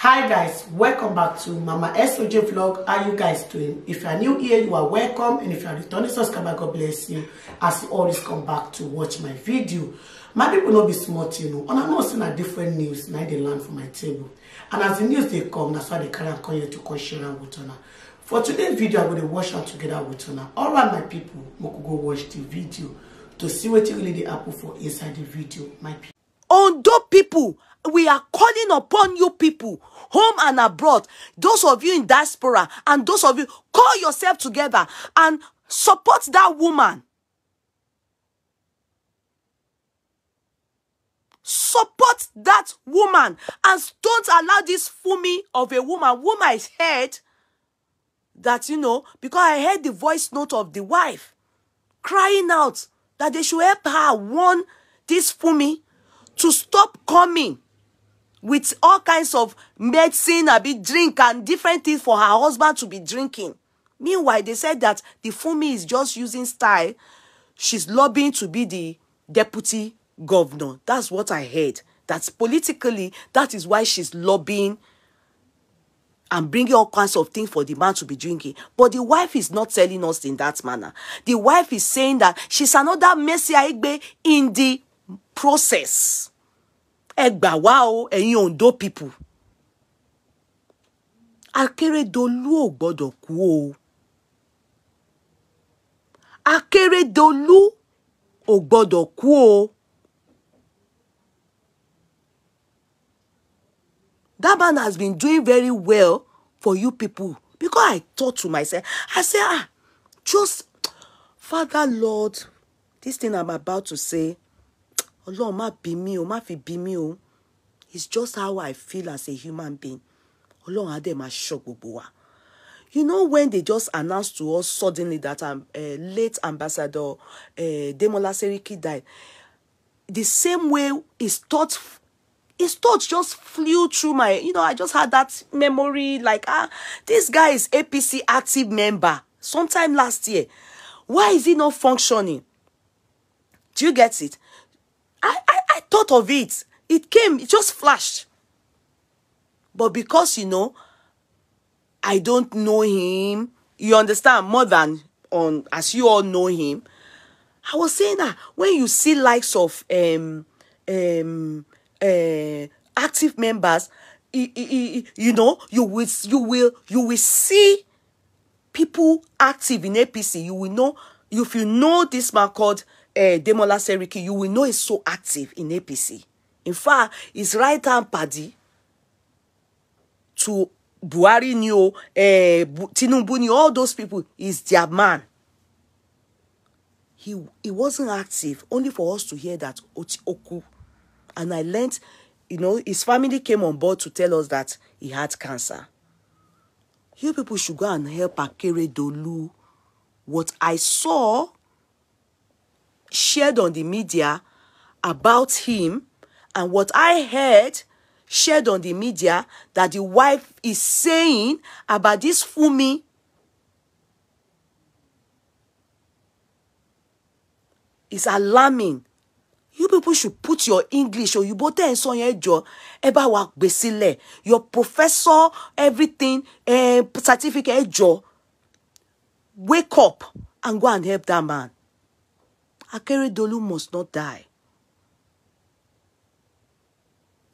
hi guys welcome back to mama soj vlog how you guys doing if you are new here you are welcome and if you are returning subscriber god bless you as you always come back to watch my video my people not be small you oh. know and i know say a different news Now they land for my table and as the news they come that's why they dey carry am come here to come share am with una for today's video i go dey watch am together with una all right my people go watch the video to see what you really The apple for inside the video my people On ondo people we are calling upon you people, home and abroad, those of you in diaspora, and those of you, call yourself together and support that woman. Support that woman and don't allow this fumi of a woman. Woman is heard that, you know, because I heard the voice note of the wife crying out that they should help her warn this fumi to stop coming with all kinds of medicine àbí drink and different things for her husband to be drinking meanwhile they said that the Fumi is just using style she's lobbying to be the deputy governor that's what I heard That's politically that is why she's lobbying and bringing all kinds of things for the man to be drinking. But the wife is not telling us in that manner. The wife is saying that she's another Mercy Aigbe in the process gbà wá o ẹ̀yin Ondo people Akérédolú ò gbọ́dọ̀ kú o Akérédolú ò gbọ́dọ̀ kú o that man has been doing very well for you people because I thought to myself I say ah just Father Lord this thing I'm about to say ọlọ́run má bí mi o má fi bí mi o it's just how I feel as a human being ọlọ́run á dẹ̀ máa ṣọ́ gbogbo wa. You know when they just announced to us suddenly that um, uh, late Ambassador uh, Demola Seriki died, the same way his thoughts his thoughts just flew through my you know i just had that memory like ah this guy is apc active member sometime last year why is he not functioning do you get it I, I, I thought of it. It came, it just flashed. But because, you know, I don't know him, you understand, more than on um, as you all know him. I was saying that when you see likes of um um uh, active members, you, you know, you will you will you will see people active in APC. You will know if you know this man called uh, Demola Seriki, you will know he's so active in APC. In fact, his right hand party to Buhari ni o, eh, all those people is their man. He, he wasn't active, only for us to hear that Oti Oku. And I learned, you know, his family came on board to tell us that he had cancer. You people should go and help Akere Dolu. What I saw shared on the media about him and what I heard shared on the media that the wife is saying about this Fumi. is alarming. You people should put your English or you both and so your jọ ẹ bá wa your professor everything eh, certificate ẹ wake up and go and help that man. Akeredolu must not die.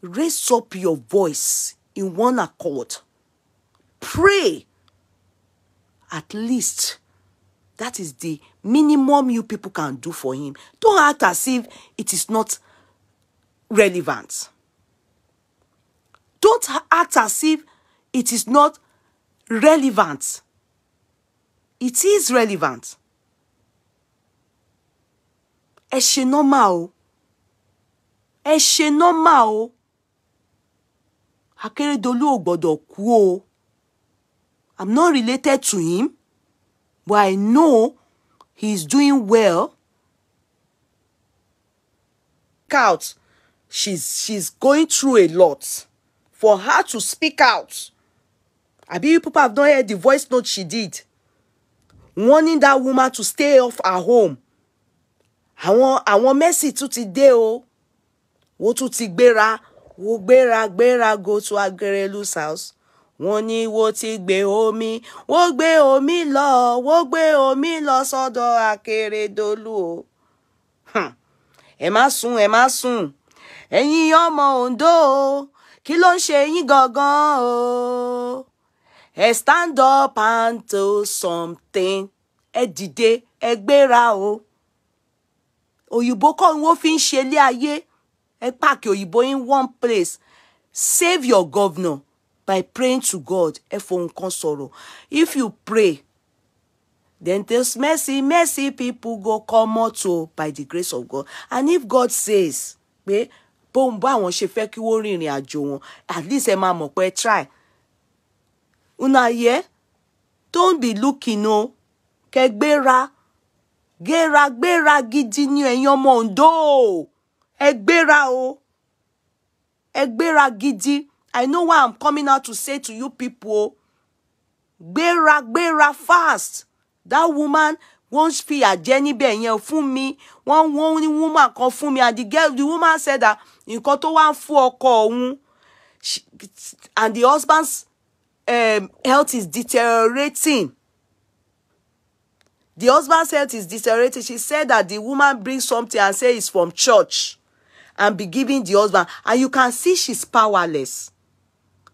Raise up your voice in one accord. Pray. At least that is the minimum you people can do for him. Don't act as if it is not relevant. Don't act as if it is not relevant. It is relevant. ẹ ṣe nọ́mà o ẹ ṣe nọ́mà o Akérédolú ò gbọ́dọ̀ kú o I'm not related to him but I know he's doing well. Out, she's she's going through a lot. For her to speak out, I believe people have not heard the voice note she did, warning that woman to stay off her home àwọn àwọn Messi tún ti dé o wo tún ti gbéra wo gbéra gbéra go to Aguerelu's house wọ́n ní wo ti gbé omi wo gbé omi lọ wo gbé omi lọ sọ́dọ̀ Akérédolú o ẹ má sùn ẹ má sùn ẹ̀yin ọmọ Ondo o kí ló ń ṣe yín gangan o ẹ stand up and do something ẹ dìde ẹ gbéra o òyìnbó kọ́ ni wọ́n fi ń ṣe ilé ayé ẹ pààkì òyìnbó in one place save your governor by praying to God ẹ fohùn kan sọ̀rọ̀ if you pray then those mercy mercy people go come out o oh, by the grace of God and if God says pé bóun bá àwọn ṣe fẹ́ kí wọ́n rìnrìn àjò wọn at least ẹ máa mọ̀ pé try una yẹ don't be looking o oh, kẹgbẹ́ra gbéragbéra gidi ni ẹ̀yin ọmọ Ondo ẹ gbéra o ẹ gbéra gidi I know why I'm coming out to say to you people o gbéragbéra fast that woman wọ́n fi àjẹ́ níbẹ̀ yẹn fún mi wọ́n wọ́n ní woman kan fún mi and the girl the woman said that nǹkan tó wá ń fún ọkọ òun and the husband's um, health is deteriorating The husband said he's deteriorating. She said that the woman brings something and says it's from church and be giving the husband. And you can see she's powerless.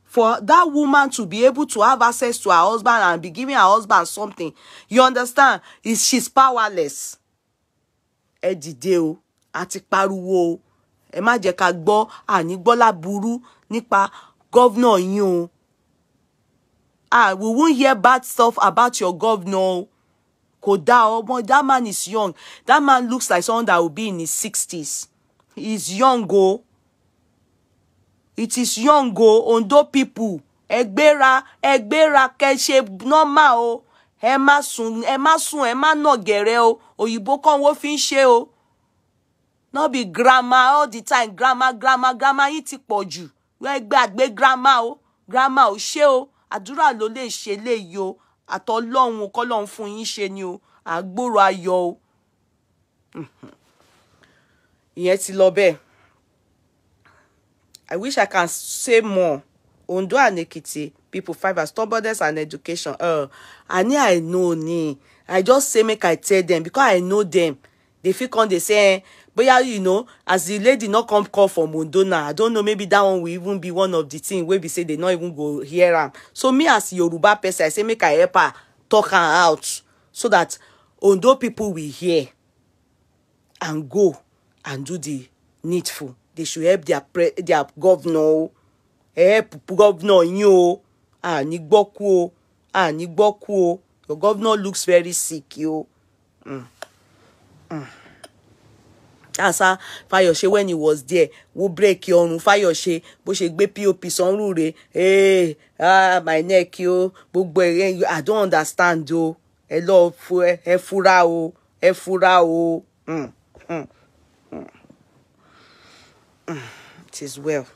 For that woman to be able to have access to her husband and be giving her husband something, you understand? Is she's powerless. Ẹ dìde o, àti pariwo o, ẹ má jẹ́ ká gbọ́ àní Ah, we won't hear bad stuff about your governor. Koda Omo, that man is young. That man looks like someone that will be in his 60s. He's young, oh. It is young, oh. Ondo people. Egbera, Egbera, Keshe, normal, oh. ẹ má sùn ẹ má sùn ẹ má nà gẹ̀rẹ́ wo fi ń ṣe o be grandma all the time grandma, grandma. grammar yìí ti pọ̀ jù wẹ́n gbàgbé grammar o grammar ò ṣe o àdúrà ló lè ṣe léyìí àtọlọ́run kọ́lọ́run fún yín ṣe ni o àgbòrò ayọ̀ o ìyẹn ti lọ bẹ́ẹ̀ I wish I can say more Ondo and Ekiti people fight for stubbornness and education uh, I know ni I just say make I tell them because I know them they fit come dey say eh, yeah, you know as the lady not come call for mondona i don't know maybe that one will even be one of the thing where we say they not even go hear am so me as yoruba person i say make i help her talk her out so that ondo people will hear and go and do the needful they should help their pre their governor help governor you ah àní ah o your governor looks very sick o. Mm. Mm ṣáṣá Fayose when he was there wó bírèkì ọrùn Fayose bó ṣe gbé pop sanrú rẹ̀ hey, eh, ah, my neck yo. gbogbo ẹ̀ i don't understand o ẹ lọ ẹ fura o ẹ fura o. Mm, mm, mm, mm. it is well.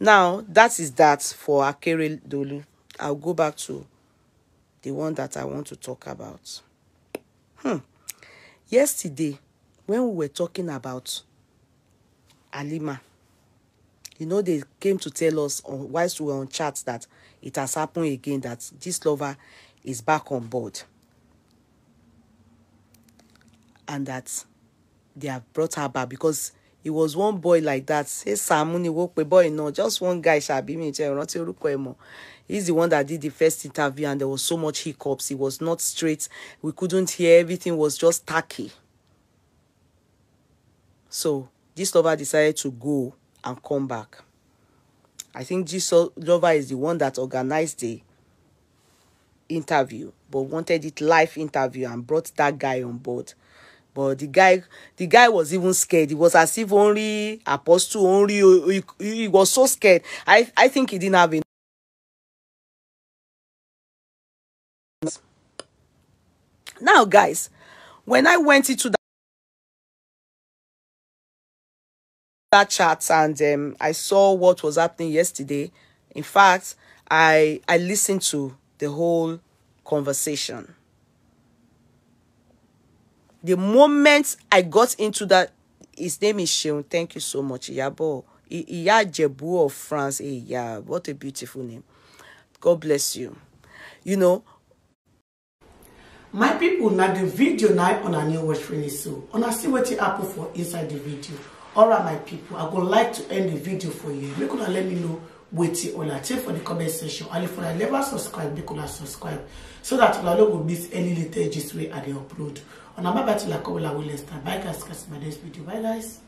Now, that is that for Akeredolu. I'll go back to the one that I want to talk about. Hmm. Yesterday, when we were talking about Alima, you know, they came to tell us on, whilst we were on chat that it has happened again, that this lover is back on board. And that they have brought her back because it was one boy like that. Say Samuni woke wo boy no, just one guy ṣàbí mi jẹ́ rántí orúkọ ẹ̀ mọ̀. He's the one that did the first interview and there was so much hiccups. It was not straight. We couldn't hear. Everything was just tacky. So this lover decided to go and come back. I think this lover is the one that organized the interview, but wanted it live interview and brought that guy on board. But the guy, the guy was even scared. It was as if only Apostle, only he, he was so scared. I, I think he didn't have enough. Now, guys, when I went into that that chat and um, I saw what was happening yesterday. In fact, I I listened to the whole conversation. The moment I got into that, his name is Sheun. Thank you so much, Iyabo. Iya Jebu of France. Hey, yeah, what a beautiful name. God bless you. You know. My people, now the video night on a new watch really so. On a see what you for inside the video all right my people i would like to end the video for you make una let me know wetin una take for the comment section and if una never subscribe make una subscribe so that una no miss any little gist way i dey upload una bye bye till i come una wey next time bye guys catch my next video bye guys.